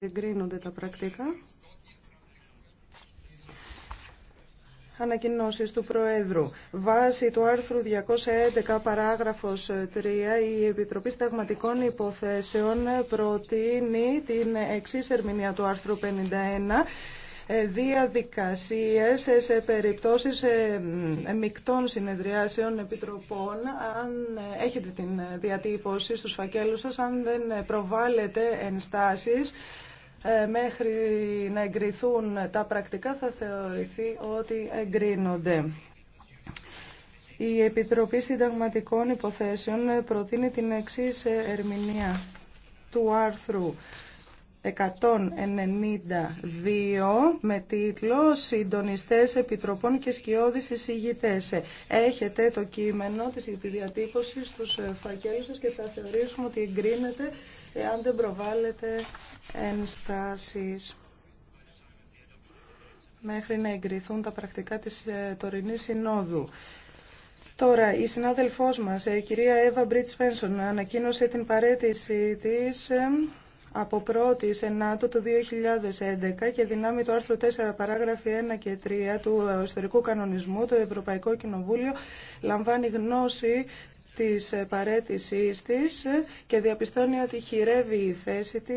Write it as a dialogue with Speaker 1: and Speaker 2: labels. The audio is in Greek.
Speaker 1: Εγκρίνονται τα πρακτικά. Ανακοινώσεις του Προέδρου. Βάσει του άρθρου 211 παράγραφος 3 η Επιτροπή Σταγματικών Υποθέσεων προτείνει την εξής ερμηνεία του άρθρου 51 ε, διαδικασίες σε περιπτώσεις ε, μικτών συνεδριάσεων επιτροπών. Αν ε, έχετε την διατύπωση στους φακέλους σας, αν δεν προβάλλετε ενστάσεις, ε, μέχρι να εγκριθούν τα πρακτικά θα θεωρηθεί ότι εγκρίνονται. Η Επιτροπή Συνταγματικών Υποθέσεων προτείνει την εξής ε, ερμηνεία του άρθρου 192 με τίτλο «Συντονιστές Επιτροπών και Σκιώδης Εισηγητές». Έχετε το κείμενο της διατύπωσης στους φακέλους σας και θα θεωρήσουμε ότι εγκρίνεται εάν δεν προβάλλετε ενστάσεις μέχρι να εγκριθούν τα πρακτικά της ε, τωρινής συνόδου. Τώρα, η συνάδελφός μας, ε, η κυρία Εύα Μπριτ Πένσον, ανακοίνωσε την παρέτησή της ε, από 1η Σενάτου του 2011 και δυνάμει το άρθρο 4 παράγραφοι 1 και 3 του ιστορικού κανονισμού το Ευρωπαϊκό Κοινοβούλιο λαμβάνει γνώση της παρέτησής της και διαπιστώνει ότι χειρεύει η θέση της